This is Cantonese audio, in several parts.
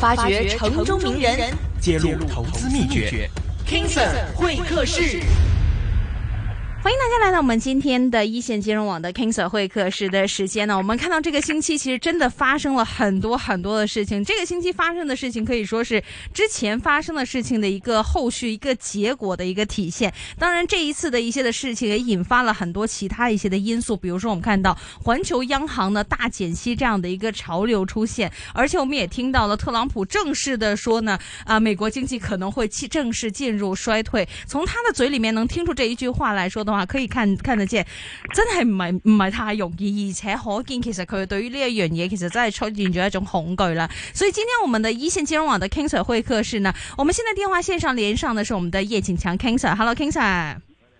發掘城中名人，揭露投資秘訣。King Sir 會客室。歡迎大家來到我們今天的一線金融網的 King Sir 會客室的時間呢。我們看到這個星期其實真的發生了很多很多的事情。這個星期發生的事情可以說是之前發生的事情的一個後續，一個結果的一個體現。當然，這一次的一些的事情也引發了很多其他一些的因素。比如說，我們看到環球央行呢大減息這樣的一個潮流出現，而且我們也聽到了特朗普正式的說呢啊，美國經濟可能會進正式進入衰退。從他的嘴裏面能聽出這一句話來說的。可以看看得見，真係唔係唔係太容易，而且可見其實佢對於呢一樣嘢其實真係出現咗一種恐懼啦。所以今天我們的一線金融網的 King Sir 會客室呢，我們現在電話線上連上的是我們的葉景強 King Sir。Hello，King Sir。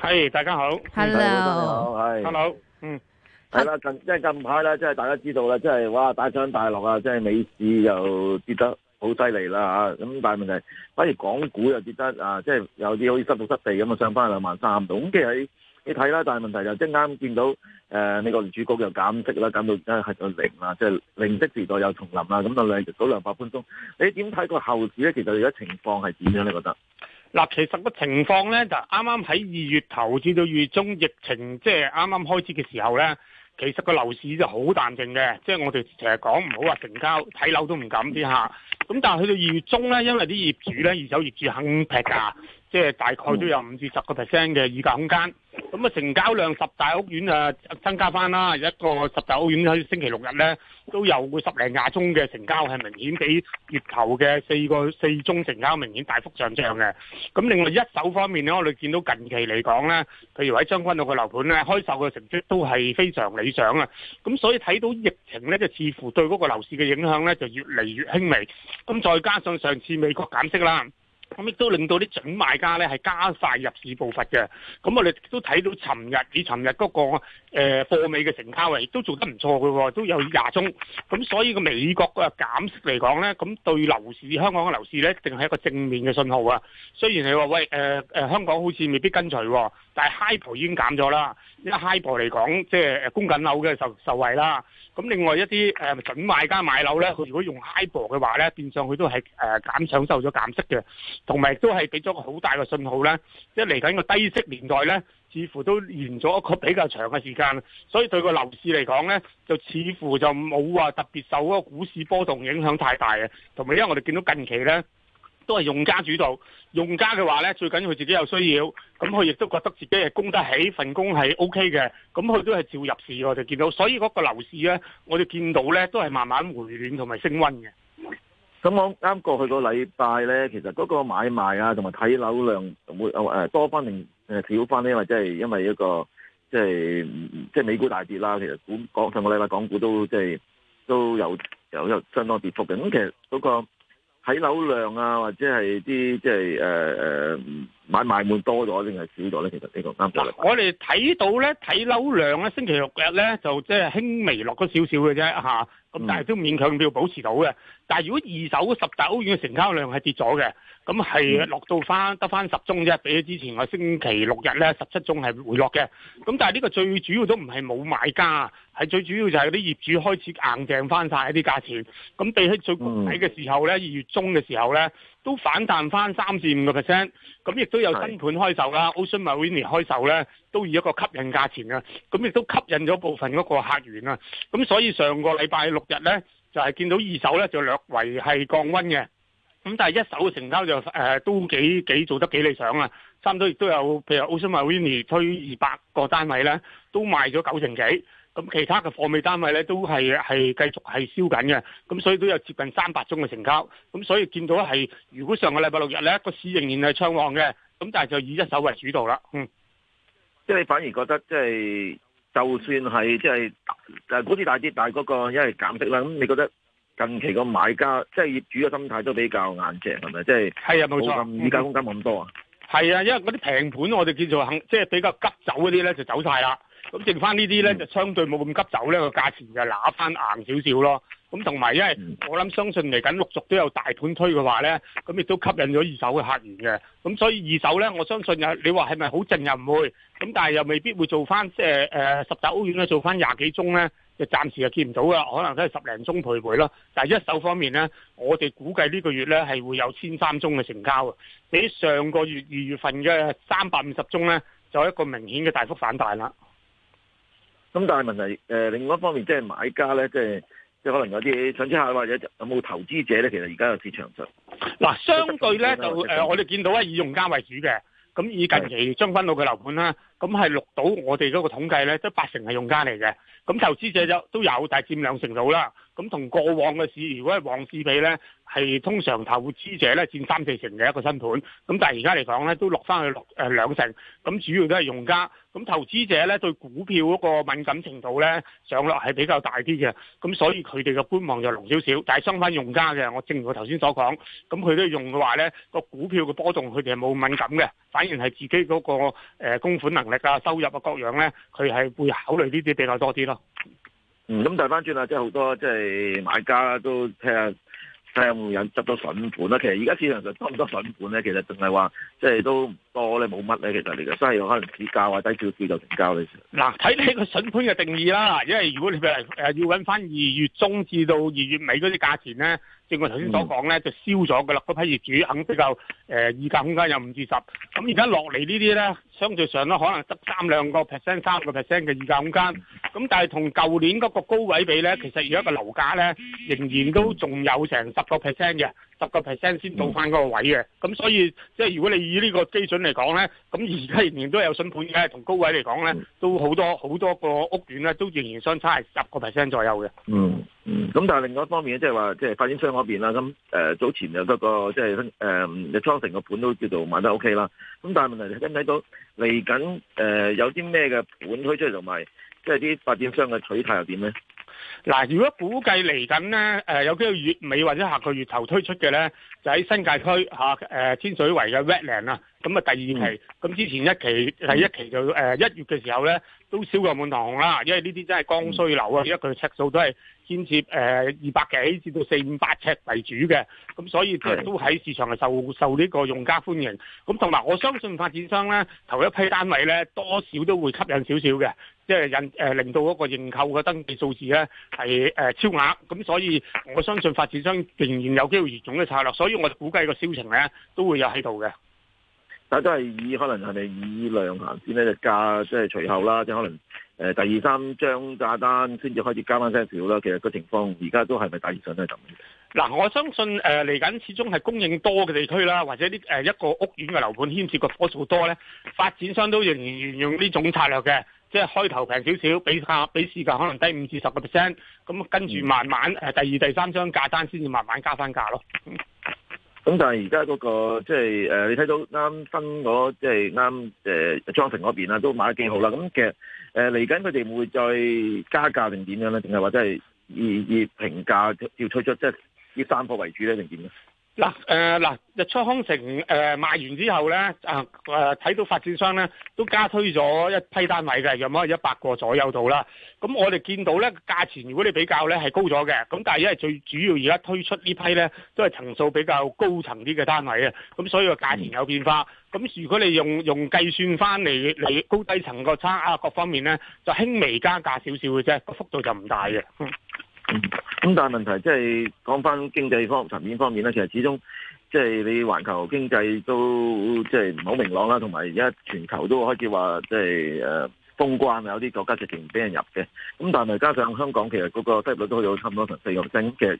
係，大家好。Hello，你好，係。Hello，嗯，係啦，近即係近排咧，即係大家知道啦，即係哇，大上大落啊，即係美市又跌得好犀利啦啊！咁但係問題反而港股又跌得啊，即係有啲好似失足失地咁啊，上翻兩萬三度。咁其實，你睇啦，但係問題就即係啱見到誒，美國聯儲局又減息啦，減到而家係到零啦，即係零息時代又重臨啦。咁兩兩股兩發寬鬆，你點睇個後市咧？其實而家情況係點樣咧？你覺得？嗱，其實個情況咧就啱啱喺二月頭至到二月中疫情即係啱啱開始嘅時候咧，其實個樓市就好淡靜嘅，即係我哋成日講唔好話成交，睇樓都唔敢啲下。咁但係去到二月中咧，因為啲業主咧，二手業主肯劈價。即、就、係、是、大概都有五至十個 percent 嘅議價空間，咁啊成交量十大屋苑啊、呃、增加翻啦，一個十大屋苑喺星期六日咧都有會十零廿宗嘅成交，係明顯比月頭嘅四個四宗成交明顯大幅上漲嘅。咁另外一手方面咧，我哋見到近期嚟講咧，譬如喺將軍澳嘅樓盤咧，開售嘅成績都係非常理想啊。咁所以睇到疫情咧，就似乎對嗰個樓市嘅影響咧就越嚟越輕微。咁再加上上次美國減息啦。咁亦都令到啲準買家咧係加快入市步伐嘅。咁我哋都睇到尋日以尋日嗰、嗰個誒貨尾嘅成交亦都做得唔錯嘅喎，都有廿宗。咁所以個美國嘅減息嚟講咧，咁對樓市香港嘅樓市咧，一定係一個正面嘅信號啊。雖然你話喂誒、呃、香港好似未必跟隨，但係 HIBOR 已經減咗啦。呢個 HIBOR 嚟講，即係供緊樓嘅受受惠啦。咁另外一啲誒準買家買樓咧，佢如果用 HIBOR 嘅話咧，變相佢都係誒減少受咗減息嘅。同埋亦都係俾咗個好大嘅信號啦，即係嚟緊個低息年代呢，似乎都延咗一個比較長嘅時間，所以對個樓市嚟講呢，就似乎就冇話特別受嗰個股市波動影響太大嘅，同埋因為我哋見到近期呢都係用家主導，用家嘅話呢最緊要佢自己有需要，咁佢亦都覺得自己係供得起份工係 OK 嘅，咁佢都係照入市我哋見到，所以嗰個樓市呢，我哋見到呢都係慢慢回暖同埋升溫嘅。咁我啱過去個禮拜咧，其實嗰個買賣啊，同埋睇樓量會誒多翻定誒少翻呢？或者係因為一個、就是、即係即係美股大跌啦，其實股港上個禮拜港股都即係、就是、都有有，有相當跌幅嘅。咁其實嗰個睇樓量啊，或者係啲即係誒誒買賣會多咗定係少咗咧？其實呢個啱。我哋睇到咧，睇樓量咧，星期六日咧就即係輕微落咗少少嘅啫嚇。咁、嗯、但係都勉強要保持到嘅。但係如果二手十大屋苑嘅成交量係跌咗嘅，咁係落到翻得翻十宗啫，比起之前個星期六日咧十七宗係回落嘅。咁但係呢個最主要都唔係冇買家，係最主要就係啲業主開始硬淨翻晒一啲價錢。咁比起最谷底嘅時候咧，二、嗯、月中嘅時候咧，都反彈翻三至五個 percent。咁亦都有新盤開售啦，Ocean Marini 開售咧，都以一個吸引價錢啊。咁亦都吸引咗部分嗰個客源啊。咁所以上個禮拜六日咧就係、是、見到二手咧就略為係降溫嘅，咁但係一手嘅成交就誒、呃、都幾幾做得幾理想啦！差唔多亦都有，譬如 Oceanview 推二百個單位咧，都賣咗九成幾。咁其他嘅貨尾單位咧都係係繼續係燒緊嘅，咁所以都有接近三百宗嘅成交。咁所以見到係如果上個禮拜六日咧個市仍然係暢旺嘅，咁但係就以一手為主導啦。嗯，即係你反而覺得即、就、係、是。就算係即係誒股市大跌，但係嗰個因為減息啦。咁你覺得近期個買家即係、就是、業主嘅心態都比較硬淨係咪？即係係啊，冇錯，冇咁依家空間冇咁多啊。係、嗯、啊，因為嗰啲平盤我哋見到，我哋叫做肯即係比較急走嗰啲咧，就走晒啦。咁剩翻呢啲呢，就相對冇咁急走呢，個價錢就拿翻硬少少咯。咁同埋，因為我諗相信嚟緊陸續都有大盤推嘅話呢，咁亦都吸引咗二手嘅客源嘅。咁所以二手呢，我相信你話係咪好靜又唔會咁，但係又未必會做翻即係十大屋苑呢，做翻廿幾宗呢，就暫時就見唔到噶，可能都係十零宗徘徊咯。但一手方面呢，我哋估計呢個月呢，係會有千三宗嘅成交，比上個月二月份嘅三百五十宗呢，就一個明顯嘅大幅反彈啦。咁但係問題、呃，另外一方面，即係買家咧，即係即可能有啲想知下，或者有冇投資者咧？其實而家有市場上，嗱、啊、相對咧，就誒、呃呃、我哋見到咧，以用家為主嘅。咁以近期將軍澳嘅樓盤啦，咁係錄到我哋嗰個統計呢，都、就、八、是、成係用家嚟嘅，咁投資者都有，但係佔兩成到啦。咁同過往嘅市，如果係旺市比呢，係通常投資者呢佔三四成嘅一個新盤。咁但係而家嚟講呢，都落翻去誒兩成。咁主要都係用家。咁投資者呢，對股票嗰個敏感程度呢，上落係比較大啲嘅。咁所以佢哋嘅觀望就濃少少，但係相反用家嘅。我正如我頭先所講，咁佢都用嘅話呢個股票嘅波動佢哋係冇敏感嘅，反而係自己嗰個供款能力啊、收入啊各樣呢，佢係會考慮呢啲比較多啲咯。咁但翻轉啊，即係好多即係買家都睇下睇下會唔會有執到筍盤啦？其實而家市場上多唔多筍盤咧？其實淨係話即係都唔多咧，冇乜咧。其實嚟講，所以可能指價或低少少就成交咧。嗱，睇你個筍盤嘅定義啦，因為如果你譬如誒要揾翻二月中至到二月尾嗰啲價錢咧，正如頭先所講咧，就燒咗噶啦，嗰批業主肯比較誒議價空間有五至十，咁而家落嚟呢啲咧，相對上都可能執三兩個 percent、三個 percent 嘅議價空間。咁、嗯、但係同舊年嗰個高位比咧，其實而家個樓價咧仍然都仲有成十個 percent 嘅，十個 percent 先到翻嗰個位嘅。咁、嗯嗯、所以即係如果你以呢個基準嚟講咧，咁而家仍然都有筍盤嘅，同高位嚟講咧都好多好多個屋苑咧都仍然相差係十個 percent 左右嘅。嗯嗯，咁、嗯、但係另外一方面咧，即係話即係發展商嗰邊啦，咁誒、呃、早前有個即係你裝成個盤都叫做賣得 OK 啦。咁但係問題睇唔睇到嚟緊誒有啲咩嘅盤推出嚟同埋。即係啲發展商嘅取態又點咧？嗱，如果估計嚟緊咧，誒、呃、有幾個月尾或者下個月頭推出嘅咧，就喺新界區嚇，誒、啊、天、呃、水圍嘅 Redland 啊，咁啊第二期，咁、mm. 之前一期第一期就誒、mm. 呃、一月嘅時候咧，都銷個滿堂紅啦，因為呢啲真係剛需樓啊，一、mm. 佢尺數都係牽涉誒二百幾至到四五百尺為主嘅，咁、嗯、所以都喺市場係受、mm. 受呢個用家歡迎，咁同埋我相信發展商咧，頭一批單位咧，多少都會吸引少少嘅。即係引誒、呃、令到嗰個認購嘅登記數字咧係誒超額，咁所以我相信發展商仍然有機會用呢種嘅策略，所以我估計個銷情咧都會有喺度嘅。但都係以可能係咪以量行先咧，就價，即係隨後啦，即係可能誒、呃、第二三張價單先至開始加翻些少啦。其實個情況而家都係咪大致上都係咁？嗱、啊，我相信誒嚟緊始終係供應多嘅地區啦，或者啲誒一個屋苑嘅樓盤牽涉嘅個數多咧，發展商都仍然沿用呢種策略嘅。即係開頭平少少，比下比市價可能低五至十個 percent，咁跟住慢慢誒、嗯，第二第三張價單先至慢慢加翻價咯。咁、嗯、但係而家嗰個即係誒，你睇到啱新嗰即係啱誒 Jonathan 嗰邊啦，都買得幾好啦。咁其實誒，嚟緊佢哋會再加價定點樣咧？定係或者係以以平價要推出即係呢三個為主咧，定點咧？嗱、呃，誒、呃，嗱，日出康城誒賣完之後咧，啊、呃，睇、呃、到發展商咧都加推咗一批單位嘅，有冇一百個左右度啦。咁我哋見到咧價錢，如果你比較咧係高咗嘅，咁但係因為最主要而家推出呢批咧都係層數比較高層啲嘅單位啊，咁所以個價錢有變化。咁如果你用用計算翻嚟嚟高低層個差啊各方面咧，就輕微加價少少嘅啫，個幅度就唔大嘅。咁、嗯、但係問題即係講翻經濟方層面方面咧，其實始終即係你環球經濟都即係唔係好明朗啦，同埋而家全球都開始話即係誒封關啊，有啲國家直情唔俾人入嘅。咁但係加上香港其實嗰個失業率都有差唔多成四六升嘅，其實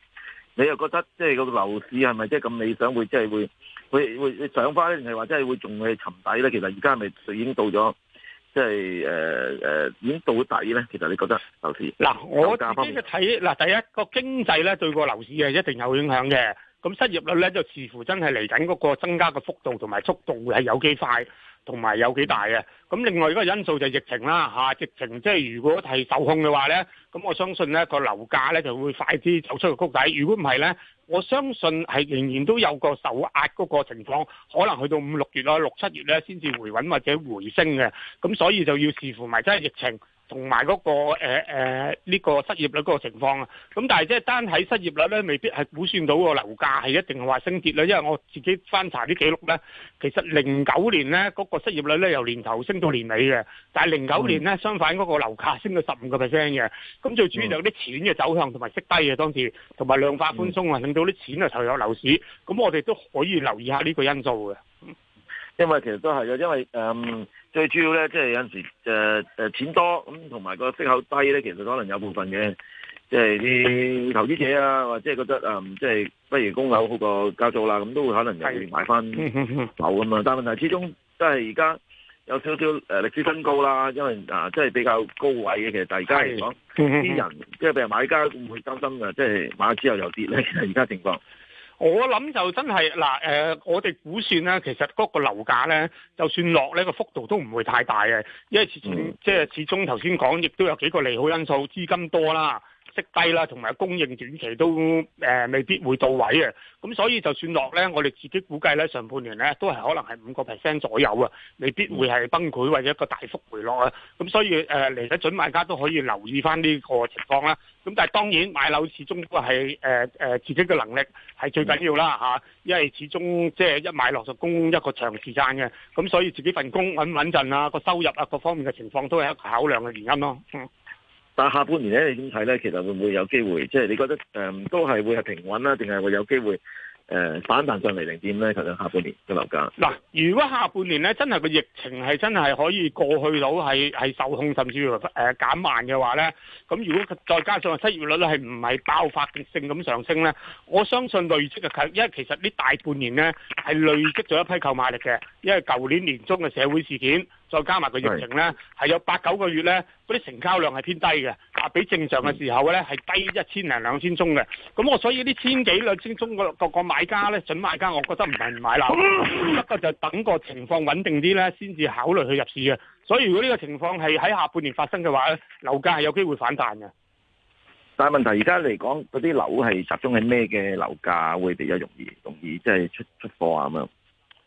你又覺得即係個樓市係咪即係咁理想會即係會會會上翻咧，定係話即係會仲去沉底咧？其實而家係咪已經到咗？即係誒誒，點到底咧？其實你覺得樓市嗱，我自己嘅睇嗱，第一個經濟咧對個樓市係一定有影響嘅。咁失業率咧就似乎真係嚟緊嗰個增加嘅幅度同埋速度，會係有幾快。同埋有幾大嘅，咁另外一個因素就係疫情啦嚇、啊，疫情即係如果係受控嘅話呢，咁我相信呢個樓價呢就會快啲走出個谷底。如果唔係呢，我相信係仍然都有個受壓嗰個情況，可能去到五六月啦、六七月呢先至回穩或者回升嘅，咁所以就要視乎埋真係疫情。同埋嗰個誒誒呢個失業率嗰個情況啊，咁但係即係單睇失業率咧，未必係估算到個樓價係一定話升跌啦，因為我自己翻查啲記錄咧，其實零九年咧嗰個失業率咧由年頭升到年尾嘅，但係零九年咧相反嗰個樓價升到十五個 percent 嘅，咁最主要就係啲錢嘅走向同埋息低嘅當時，同埋量化寬鬆啊，令到啲錢啊投入樓市，咁我哋都可以留意下呢個因素嘅。因為其實都係啊，因為誒、嗯、最主要咧，即係有陣時誒誒錢多咁，同埋個息口低咧，其實可能有部分嘅，即係啲投資者啊，或者覺得誒即係不如供樓好過交租啦，咁都會可能又會買翻樓噶嘛。 但係問題始終都係而家有少少誒歷史新高啦，因為啊即係比較高位嘅，其實大家嚟講，啲 人即係譬如買家會唔會擔心嘅？即係買咗之後又跌咧？而家情況。我諗就真係嗱，呃，我哋估算呢，其實嗰個樓價咧，就算落咧，個幅度都唔會太大嘅，因為始終即係始終頭先講，亦都有幾個利好因素，資金多啦。息低啦，同埋供應短期都誒、呃、未必會到位嘅，咁所以就算落咧，我哋自己估計咧，上半年咧都係可能係五個 percent 左右啊，未必會係崩潰或者一個大幅回落啊。咁所以誒嚟緊買家都可以留意翻呢個情況啦。咁但係當然買樓始終都係誒誒自己嘅能力係最緊要啦嚇、啊，因為始終即係、呃、一買落就供一個長時間嘅，咁所以自己份工穩唔穩陣啊，個收入啊各方面嘅情況都係一個考量嘅原因咯。嗯。但下半年咧，你點睇咧？其實會唔會有機會？即係你覺得誒都係會係平穩啦，定係會有機會誒反彈上嚟定點咧？其實下半年嘅樓價。嗱，如果下半年咧真係個疫情係真係可以過去到係係受控甚至乎誒減慢嘅話咧，咁如果再加上失業率咧係唔係爆發性咁上升咧，我相信累積嘅，因為其實呢大半年咧係累積咗一批購買力嘅，因為舊年年中嘅社會事件。再加埋個疫情咧，係有八九個月咧，嗰啲成交量係偏低嘅，啊，比正常嘅時候咧係低一千零兩千宗嘅。咁我所以啲千幾兩千宗個個個買家咧、準買家，我覺得唔係唔買樓， 得就等個情況穩定啲咧，先至考慮去入市嘅。所以如果呢個情況係喺下半年發生嘅話，樓價係有機會反彈嘅。但係問題而家嚟講，嗰啲樓係集中喺咩嘅樓價會比較容易，容易即係出出貨啊咁樣。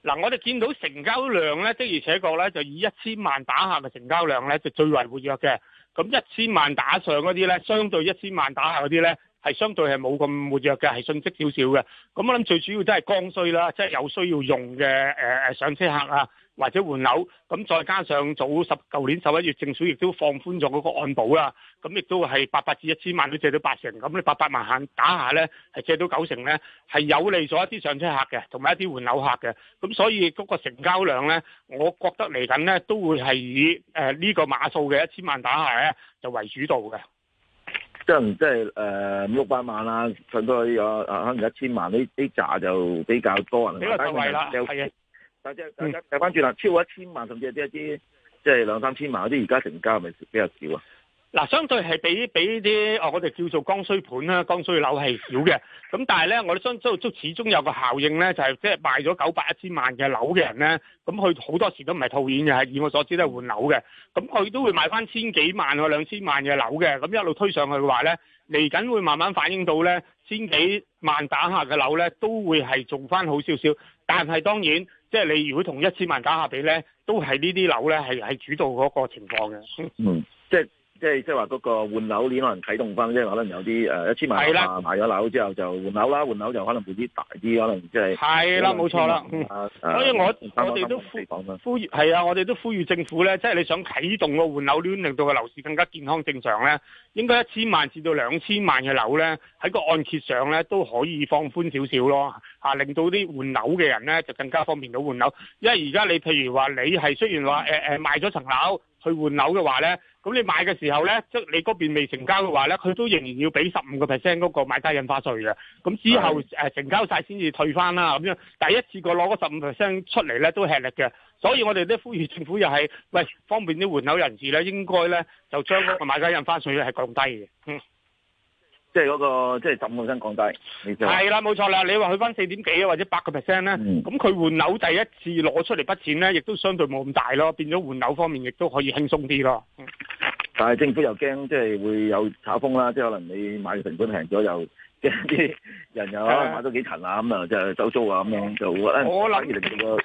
嗱、啊，我哋見到成交量咧，的而且確咧，就以一千萬打下嘅成交量咧，就最為活躍嘅。咁一千萬打上嗰啲咧，相對一千萬打下嗰啲咧，係相對係冇咁活躍嘅，係信息少少嘅。咁我諗最主要都係剛需啦，即、就、係、是、有需要用嘅誒、呃、上車客啊！或者換樓，咁再加上早十舊年十一月政府亦都放寬咗嗰個按保啦，咁亦都係八百至一千萬都借到八成，咁你八百萬打下咧，係借到九成咧，係有利咗一啲上車客嘅，同埋一啲換樓客嘅，咁所以嗰個成交量咧，我覺得嚟緊咧都會係以誒呢個碼數嘅一千萬打下咧就為主導嘅。即係即係誒五六百萬啦，上到有可能一千萬呢呢紮就比較多人。啦，係啊。大家睇翻轉啦，超過一千萬甚至係啲一啲，即係兩三千萬嗰啲，而家成交係咪比較少啊？嗱，相對係比比呢啲哦，我哋叫做剛需盤啦，剛需樓係少嘅。咁但係咧，我哋相相足始終有個效應咧，就係即係賣咗九百一千萬嘅樓嘅人咧，咁佢好多時都唔係套現嘅，係以我所知都係換樓嘅。咁佢都會買翻千幾萬啊兩千萬嘅樓嘅，咁一路推上去嘅話咧，嚟緊會慢慢反映到咧，千幾萬打下嘅樓咧，都會係做翻好少少。但係當然。即係你如果同一千萬打下比咧，都係呢啲樓咧係係主導嗰個情況嘅。 即係即係話嗰個換樓鏈可能啟動翻，即係可能有啲誒一千萬啦買咗樓之後就換樓啦，換樓就可能會啲大啲，可能即係係啦，冇錯啦。所以我、呃、我哋都呼都呼籲係啊，我哋都呼籲政府咧，即係你想啟動個換樓鏈，令到個樓市更加健康正常咧，應該一千萬至到兩千萬嘅樓咧，喺個按揭上咧都可以放寬少少咯嚇，令到啲換樓嘅人咧就更加方便到換樓，因為而家你譬如話你係雖然話、呃呃、賣咗層樓去換樓嘅話咧。咁你買嘅時候呢，即、就是、你嗰邊未成交嘅話呢，佢都仍然要俾十五個 percent 嗰個買家印花稅嘅。咁之後、呃、成交晒先至退翻啦咁樣。第一次過攞嗰十五 percent 出嚟呢，都吃力嘅，所以我哋都呼籲政府又係，喂，方便啲換樓人士呢，應該呢就將嗰個買家印花稅係降低嘅，嗯。即係嗰、那個即係浸，我想講低，係啦，冇錯啦。你話去返四點幾啊，或者百個 percent 咧，咁佢、嗯、換樓第一次攞出嚟筆錢呢，亦都相對冇咁大囉。變咗換樓方面亦都可以輕鬆啲囉。但係政府又驚即係會有炒風啦，即係可能你買嘅成本平咗又即啲人又啊買咗幾層啊咁啊，就收租啊咁樣，樣就會誒反而令到個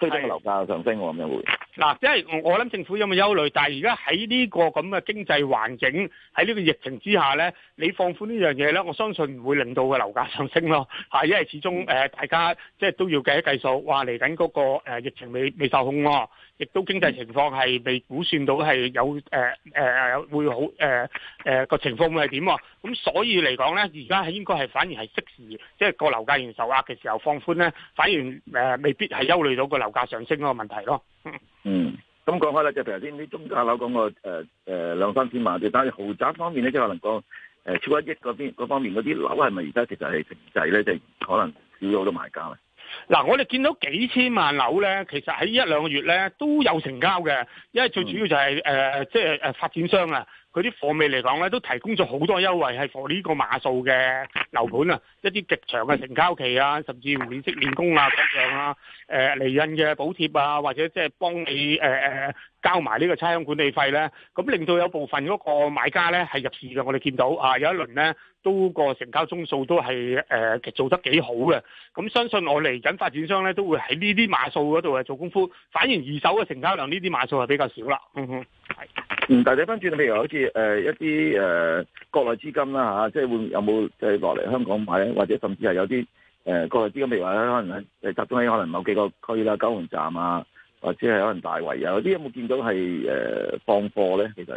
推升個樓價上升喎咁樣會。嗱，即係我諗政府有冇憂慮，但係而家喺呢個咁嘅經濟環境，喺呢個疫情之下咧，你放寬呢樣嘢咧，我相信唔會令到個樓價上升咯。嚇，因為始終誒大家即係都要計一計數，話嚟緊嗰個誒疫情未未受控，亦都經濟情況係未估算到係有誒誒會好誒誒個情況會係點。咁所以嚟講咧，而家係應該係反而係適時，即係個樓價現受壓嘅時候放寬咧，反而誒未必係憂慮到個樓價上升嗰個問題咯。 嗯，咁講開咧，就譬如頭先啲中價樓講個誒誒兩三千萬，但係豪宅方面咧，即係可能、那個誒、呃、超一億嗰邊嗰方面嗰啲樓係咪而家其實係停滯咧？就是、可能少咗好多買家咧。嗱、嗯，我哋見到幾千萬樓咧，其實喺一兩個月咧都有成交嘅，因為最主要就係、是、誒、呃、即係誒發展商啊，佢啲貨未嚟講咧，都提供咗好多優惠係貨呢個碼數嘅樓盤啊。一啲極長嘅成交期啊，甚至免息免供啊，各樣啊，誒、呃、釐印嘅補貼啊，或者即係幫你誒、呃、交埋呢個差餉管理費咧，咁令到有部分嗰個買家咧係入市嘅，我哋見到啊有一輪咧都個成交宗數都係誒、呃、做得幾好嘅，咁相信我嚟緊發展商咧都會喺呢啲碼數嗰度誒做功夫，反而二手嘅成交量呢啲碼數係比較少啦。嗯哼，係。嗯，但睇翻轉，譬如好似、呃、一啲誒、呃、國內資金啦、啊、即係會有冇即係落嚟香港買咧？或者甚至係有啲誒、呃、國內資金，譬如話可能喺集中喺可能某幾個區啦、九龍站啊，或者係可能大圍啊，有啲有冇見到係誒、呃、放貨咧？其實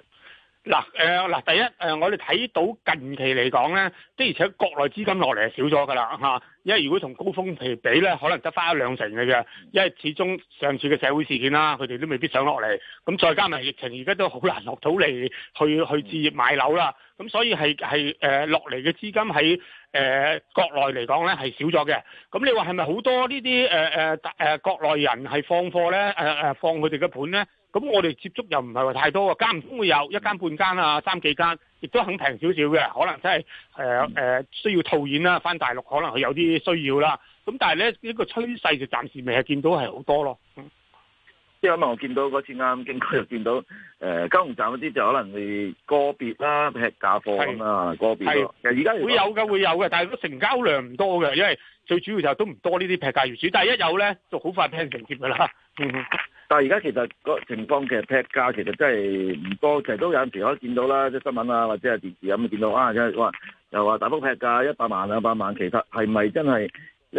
嗱誒嗱，第一、呃、我哋睇到近期嚟講咧，即而且國內資金落嚟係少咗噶啦吓，因為如果同高峰期比咧，可能得翻一兩成嘅啫，因為始終上次嘅社會事件啦，佢哋都未必上落嚟，咁再加埋疫情，而家都好難落到嚟去去置業買樓啦，咁所以係係誒落嚟嘅資金喺。誒、呃、國內嚟講咧係少咗嘅，咁你話係咪好多呢啲誒誒誒國內人係放貨咧？誒、呃、放佢哋嘅盤咧？咁我哋接觸又唔係話太多喎，間唔中會有一間半間啊，三幾間，亦都肯平少少嘅，可能真係誒需要套現啦，翻大陸可能係有啲需要啦。咁但係咧呢、呢個趨勢就暫時未係見到係好多咯。即係因為我見到嗰次啱啱經過又見到，誒、呃，金融站嗰啲就可能係個別啦，劈價貨咁啊，個別咯。其實而家會有嘅，會有嘅，但係個成交量唔多嘅，因為最主要就係都唔多呢啲劈價業主，但係一有咧就好快劈成尖㗎喇。 但係而家其實個情況其實劈價其實真係唔多，其實都有陣時可以見到啦，啲新聞啊或者係電視咁、啊，咪見到啊，即係哇又話大幅劈價一百萬兩百萬，其實係咪真係？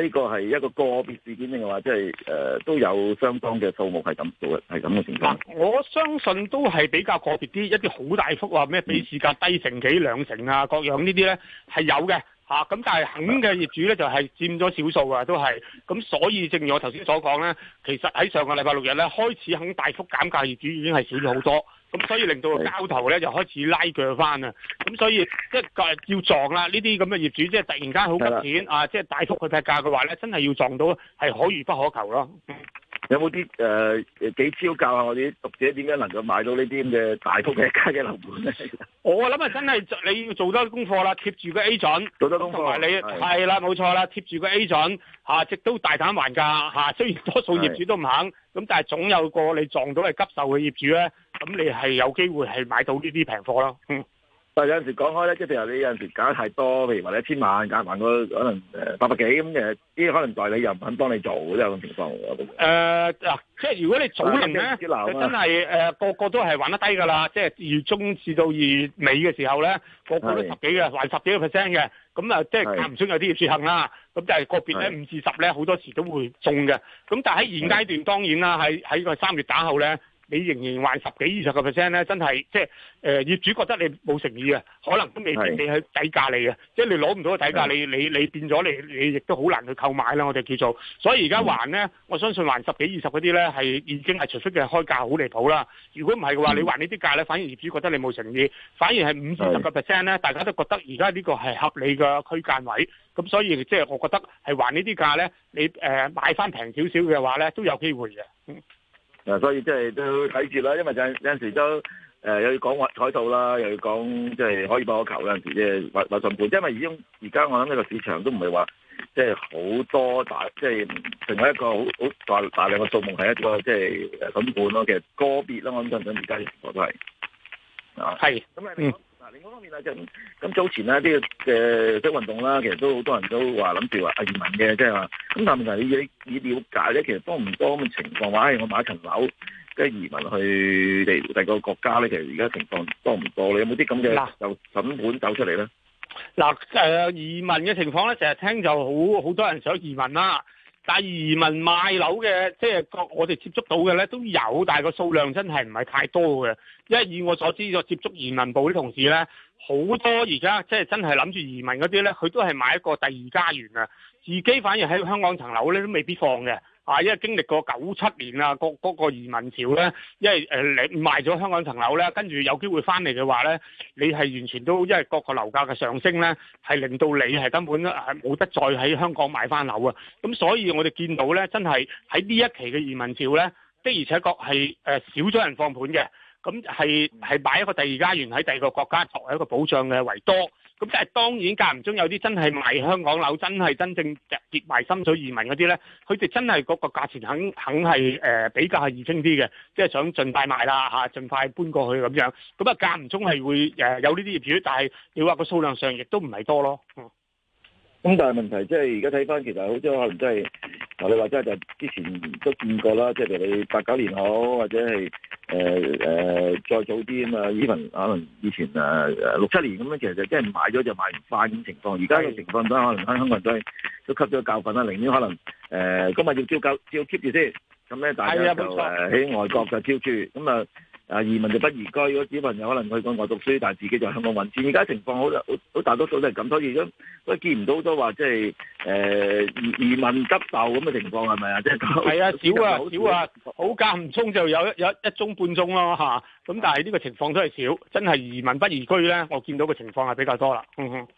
呢、這個係一個個別事件定係話，即係誒、呃、都有相當嘅數目係咁做嘅，係咁嘅情況？我相信都係比較個別啲，一啲好大幅啊，咩比市價低成幾兩成啊，各樣呢啲咧係有嘅嚇。咁、啊、但係肯嘅業主咧就係、是、佔咗少數啊，都係。咁所以正如我頭先所講咧，其實喺上個禮拜六日咧開始肯大幅減價業主已經係少咗好多。咁所以令到個交投咧就開始拉鋸翻啦。咁所以即係、就是、要撞啦，呢啲咁嘅業主即係、就是、突然間好急錢啊，即、就、係、是、大幅去劈價嘅話咧，真係要撞到係可遇不可求咯。有冇啲誒幾招教下我啲讀者點解能夠買到呢啲咁嘅大幅劈價嘅樓盤咧？我諗啊，真係你要做多功課啦，貼住個 agent，做多功課同埋你係啦，冇錯啦，貼住個 agent 嚇，直到大膽還價嚇、啊。雖然多數業主都唔肯，咁但係總有個你撞到係急售嘅業主咧。咁、嗯、你係有機會係買到呢啲平貨咯。嗯，但係有陣時講開咧，即係由你有陣時減得太多，譬如話你一千萬減埋嗰可能八百幾咁誒，啲可能代理又唔肯幫你做，有咁情況。誒、呃、嗱，即係如果你早團咧，啊、真係、呃、個個都係玩得低噶啦。即係二月中至到二月尾嘅時候咧，個個都十幾嘅，還十幾個 percent 嘅。咁啊，即係間唔中有啲葉設行啦。咁就係個別咧五至十咧，好多時都會中嘅。咁但喺現階段當然啦，喺喺個三月打後咧。你仍然還十幾二十個 percent 咧，真係即係誒業主覺得你冇誠意啊，可能都未必你去底價你嘅，即係你攞唔到個底價，你你你變咗你你亦都好難去購買啦。我哋叫做，所以而家還咧、嗯，我相信還十幾二十嗰啲咧係已經係除即除非嘅開價好離譜啦。如果唔係嘅話、嗯，你還呢啲價咧，反而業主覺得你冇誠意，反而係五至十個 percent 咧，大家都覺得而家呢個係合理嘅區間位。咁所以即係我覺得係還呢啲價咧，你誒、呃、買翻平少少嘅話咧，都有機會嘅。嗯啊、所以即係都睇住啦，因為有有時都誒又、呃、要講話彩數啦，又要講即係、就是、可以幫我求有時即係、就是、或,或順盤，即係因為而家我諗呢個市場都唔係話即係好多大，即、就、係、是、成為一個好好大大量嘅數目係一個即係誒咁盤囉。其實個別啦，我諗等等而家嘅情況都係係咁另外方面啊，就咁早前咧啲嘅即運動啦，其實都好多人都話諗住話移民嘅，即係話咁但問題你你瞭解咧，其實多唔多咁嘅情況話，唉，我買一層樓即移民去第第個國家咧，其實而家情況多唔多咧？你有冇啲咁嘅由審判走出嚟咧？嗱，誒移民嘅情況咧，成日聽就好好多人想移民啦。但係移民賣樓嘅，即係我我哋接觸到嘅咧都有，但係個數量真係唔係太多嘅，因為以我所知，就接觸移民部啲同事咧，好多而家即係真係諗住移民嗰啲咧，佢都係買一個第二家園啊，自己反而喺香港層樓咧都未必放嘅。啊！因為經歷過九七年啊，嗰、嗰個、那個移民潮咧，因為誒你、呃、賣咗香港層樓咧，跟住有機會翻嚟嘅話咧，你係完全都因為各個樓價嘅上升咧，係令到你係根本係冇得再喺香港買翻樓啊！咁所以我哋見到咧，真係喺呢一期嘅移民潮咧，的而且確係、呃、少咗人放盤嘅，咁係係買一個第二家園喺第二個國家作為一個保障嘅為多。咁即係當然間唔中有啲真係賣香港樓，真係真正嘅熱賣深水移民嗰啲咧，佢哋真係嗰個價錢肯肯係誒比較係易傾啲嘅，即係想盡快賣啦嚇，盡快搬過去咁樣。咁啊間唔中係會誒有呢啲業主，但係你話個數量上亦都唔係多咯。咁但係問題即係而家睇翻，其實好多可能真係頭你話齋就之前都見過啦，即係譬如你八九年好或者係。誒、呃、誒、呃，再早啲啊嘛，甚至可能以前誒、啊、誒、啊、六七年咁樣，其實即係買咗就買唔返咁情況。而家嘅情況都可能喺香港人都都吸取咗教訓啦，寧願可能誒、呃、今日要照救，照 keep 住先。咁咧，大家就誒喺外國就照住。咁、嗯、啊。啊！移民就不移居，如啲小朋友可能去外國讀書，但係自己就香港揾錢。而家情況好，好好大多數都係咁，所以都都見唔到都話即係誒、呃，移移民急流咁嘅情況係咪啊？即係係啊，少啊，少、嗯、啊，好間唔中就有一有一一宗半宗咯吓。咁但係呢個情況都係少，真係移民不移居咧。我見到嘅情況係比較多啦。嗯哼。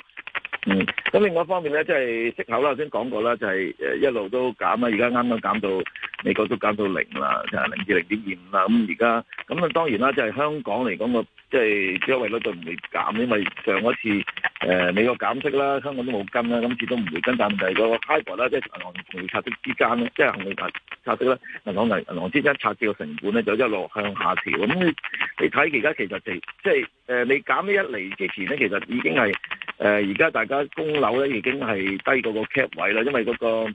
嗯，咁另外一方面咧，即、就、係、是、息口啦，先講過啦，就係、是、一路都減啦，而家啱啱減到美國都減到零啦，就係、是、零至零點二五啦。咁而家咁啊，當然啦，即、就、係、是、香港嚟講個即係優惠率就唔、是、會減，因為上一次誒、呃、美國減息啦，香港都冇跟啦，今次都唔會跟。但係個差別啦即係銀行同業拆息之間咧，即、就、係、是、行內拆息啦，銀行拆銀行之間拆息嘅成本咧，就一路向下調。咁你睇而家其實地、就是，即、就、係、是、你減呢一嚟，其實咧其實已經係。誒，而家大家供樓咧已經係低過嗰個 cap 位啦，因為嗰個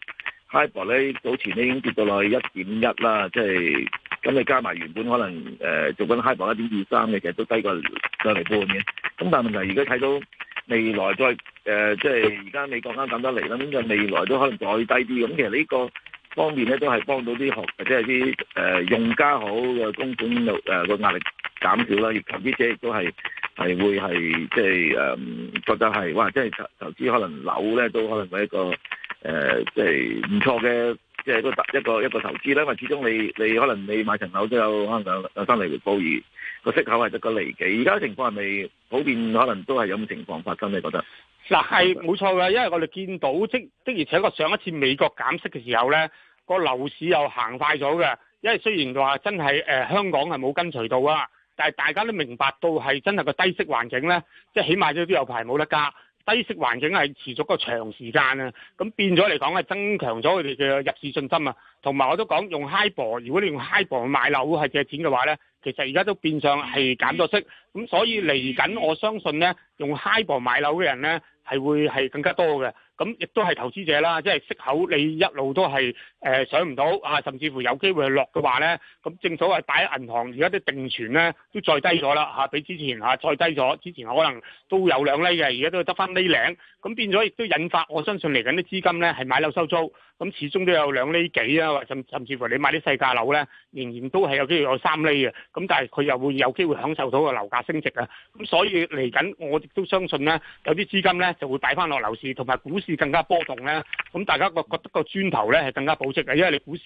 HIBOR 咧早前已經跌到落去一點一啦，即係咁你加埋原本可能誒做緊 HIBOR 一點二三嘅，呃、其實都低過兩釐半嘅。咁、嗯、但係問題，而家睇到未來再誒，即係而家美國啱減得嚟啦，咁就未來都可能再低啲。咁、嗯、其實呢個方面咧都係幫到啲學即係啲誒用家好嘅供款又誒個壓力減少啦，以及啲者亦都係。係會係即係誒、嗯，覺得係哇，即係投投資可能樓咧都可能係一個誒、呃，即係唔錯嘅，即係一個一個一個投資啦。因為始終你你可能你買層樓都有可能有有返嚟回報，而個息口係得個釐幾。而家情況係咪普遍可能都係有咁情況發生？你覺得嗱係冇錯嘅，因為我哋見到即即而且確上一次美國減息嘅時候咧，個樓市又行快咗嘅。因為雖然話真係誒、呃，香港係冇跟隨到啊。但係大家都明白到係真係個低息環境咧，即係起碼都都有排冇得加。低息環境係持續個長時間啊，咁變咗嚟講係增強咗佢哋嘅入市信心啊。同埋我都講用 HIBOR，如果你用 HIBOR 買樓係借錢嘅話咧，其實而家都變相係減咗息。咁所以嚟緊我相信咧，用 HIBOR 買樓嘅人咧係會係更加多嘅。咁亦都係投資者啦，即係息口你一路都係誒上唔到啊，甚至乎有機會去落嘅話咧，咁正所謂擺喺銀行而家啲定存咧都再低咗啦嚇，比之前嚇再低咗，之前可能都有兩厘嘅，而家都要得翻厘零，咁變咗亦都引發我相信嚟緊啲資金咧係買樓收租，咁始終都有兩厘幾啊，甚甚至乎你買啲細價樓咧，仍然都係有機會有三厘嘅，咁但係佢又會有機會享受到個樓價升值啊，咁所以嚟緊我亦都相信咧，有啲資金咧就會擺翻落樓市同埋股市。更加波動咧，咁大家個覺得個磚頭咧係更加保值嘅，因為你股市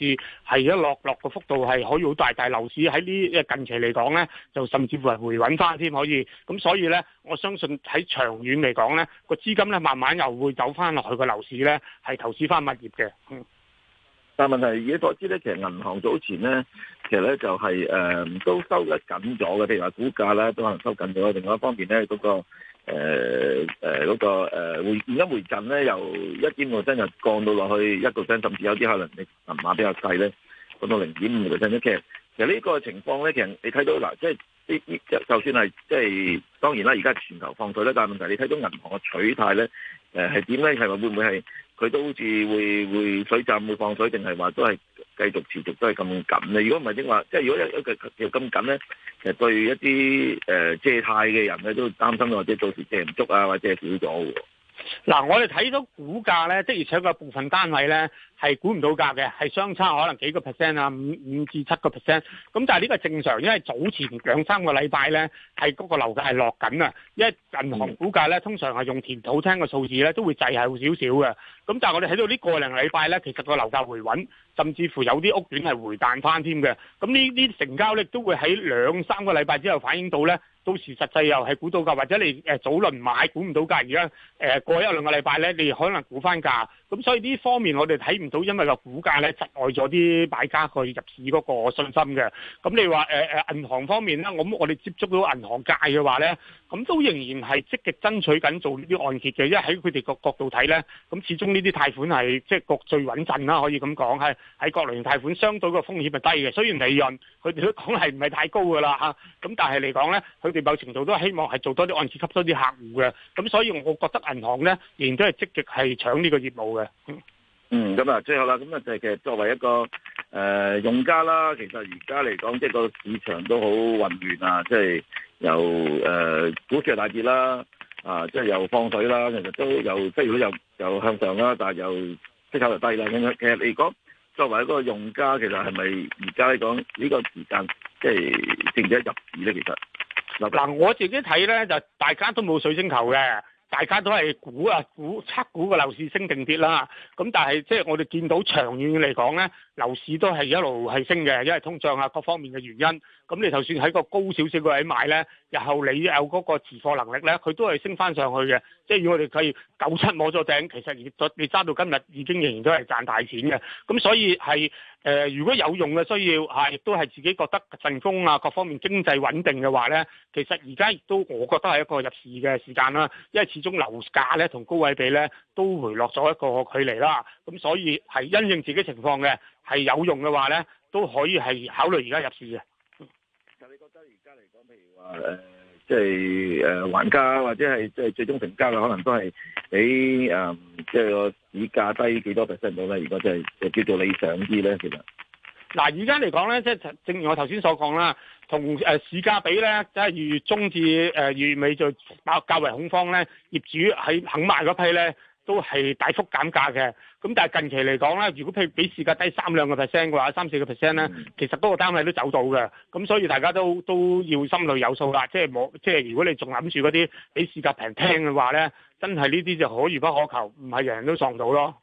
係一落落個幅度係可以好大，但係樓市喺呢近期嚟講咧，就甚至乎係回穩翻添，可以。咁所以咧，我相信喺長遠嚟講咧，個資金咧慢慢又會走翻落去個樓市咧，係投資翻物業嘅。嗯。但問題而家所知咧，其實銀行早前咧，其實咧就係、是、誒、呃、都收得緊咗嘅，譬如話股價啦都可能收緊咗，另外一方面咧嗰個。誒誒嗰個誒，而、呃、家回贈咧，由一點五個就降到落去一個樽，甚至有啲可能你銀碼比較細咧，降到零點五個樽。即係、okay。其實呢個情況咧，其實你睇到嗱，即係呢啲就算係即係當然啦，而家全球放水咧，但係問題你睇到銀行嘅取態咧。誒、呃，係點咧？係話會唔會係佢都好似會會水浸、會放水，定係話都係繼續持續都係咁緊咧？如果唔係，即係話，即係如果一一個又咁緊咧，其實對一啲誒、呃、借貸嘅人咧都擔心，或者到時借唔足啊，或者係少咗嘅。嗱，我哋睇到股價咧，的而且個部分單位咧，係估唔到價嘅，係相差可能幾個 percent 啊，五五至七個 percent。咁但係呢個正常，因為早前兩三個禮拜咧，係嗰個樓價係落緊啊。因為銀行股價咧，通常係用填土廳嘅數字咧，都會滯好少少嘅。咁但係我哋睇到呢個零禮拜咧，其實個樓價回穩，甚至乎有啲屋苑係回彈翻添嘅。咁呢啲成交咧，都會喺兩三個禮拜之後反映到咧。到時實際又係估到噶，或者你誒早輪買估唔到價，而家誒過一兩個禮拜咧，你可能估翻價。咁所以呢方面我哋睇唔到，因為個股價咧窒礙咗啲買家去入市嗰個信心嘅。咁你話誒誒銀行方面啦，我我哋接觸到銀行界嘅話咧，咁都仍然係積極爭取緊做呢啲按揭嘅，因為喺佢哋個角度睇咧，咁始終呢啲貸款係即係各最穩陣啦，可以咁講係喺各類型貸款相對個風險係低嘅，雖然利潤佢哋都講係唔係太高噶啦吓，咁但係嚟講咧，佢哋。某程度都希望係做多啲按揭，吸收啲客戶嘅。咁所以我覺得銀行咧，仍然都係積極係搶呢個業務嘅。嗯，咁啊，最後啦，咁啊，就係其實作為一個誒、呃、用家啦，其實而家嚟講，即係個市場都好混亂啊。即係又誒，股市大跌啦，啊，即係又放水啦，其實都又雖然又又向上啦，但係又息口又低啦。咁樣其實你如果作為一個用家，其實係咪而家嚟講呢個時間即係宜唔宜入市咧？其實？嗱，嗱我自己睇咧，就大家都冇水晶球嘅，大家都係估啊估測估個樓市升定跌啦。咁但係即係我哋見到長遠嚟講咧，樓市都係一路係升嘅，因為通脹啊各方面嘅原因。咁你就算喺個高少少嘅位買咧。日後你有嗰個持貨能力咧，佢都係升翻上去嘅。即係如果我哋佢九七摸咗頂，其實你揸到今日已經仍然都係賺大錢嘅。咁所以係誒、呃，如果有用嘅需要係亦都係自己覺得陣風啊各方面經濟穩定嘅話咧，其實而家亦都我覺得係一個入市嘅時間啦。因為始終樓價咧同高位比咧都回落咗一個距離啦。咁所以係因應自己情況嘅，係有用嘅話咧，都可以係考慮而家入市嘅。譬如話誒，即係誒還價或者係即係最終成交嘅可能都係比，誒即係個市價低幾多 percent 到咧？如果即係誒叫做理想啲咧，其實嗱，而家嚟講咧，即係正如我頭先所講啦，同誒、呃、市價比咧，即係月中至誒月尾就較較為恐慌咧，業主喺肯賣嗰批咧。都係大幅減價嘅，咁但係近期嚟講咧，如果譬如比市價低三兩個 percent 嘅話，三四個 percent 咧，其實嗰個單位都走到嘅，咁所以大家都都要心裏有數啦，即係冇，即係如果你仲諗住嗰啲比市價平聽嘅話咧，真係呢啲就可遇不可求，唔係人人都撞到咯。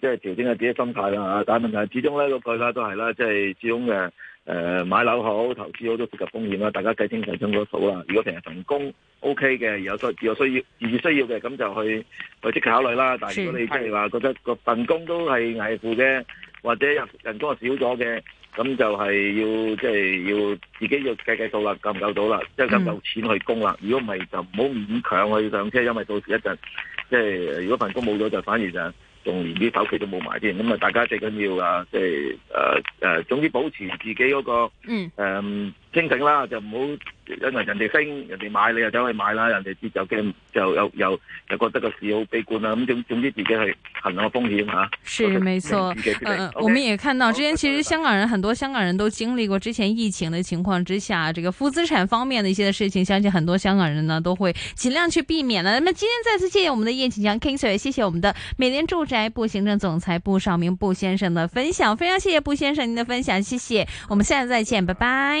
即係調整下自己的心態啦吓，但係問題始終咧句咧都係啦，即係始終嘅誒買樓好投資好都涉及風險啦，大家計清楚張嗰數啦。如果成日份工 OK 嘅，有需有需要，自己需要嘅咁就去去即刻考慮啦。但係如果你即係話覺得個份工都係捱苦嘅，或者人工又少咗嘅，咁就係要即係、就是、要，要自己要計計數啦，夠唔夠到啦？即係夠唔夠錢去供啦？如果唔係就唔好勉強去上車，因為到時一陣即係如果份工冇咗就反而就是。仲連啲首期都冇買添，咁啊大家最緊要啊，即係誒誒，總之保持自己嗰個誒，嗯呃清醒啦，就唔好因為人哋升，人哋買你又走去買啦，人哋跌就驚就又又又覺得個市好悲觀啦，咁總總之自己係衡量個風險啊。是，冇、啊、錯。嗯、呃 okay，我們也看到之前其實香港人很多香港人都經歷過之前疫情的情況之下，這個負資產方面的一些的事情，相信很多香港人呢都會盡量去避免啦。咁啊，今天再次謝謝我們的葉景強 King Sir，謝謝我們的美聯住宅部行政總裁布少明布先生的分享，非常謝謝布先生您的分享，謝謝，我們下次再見，拜拜。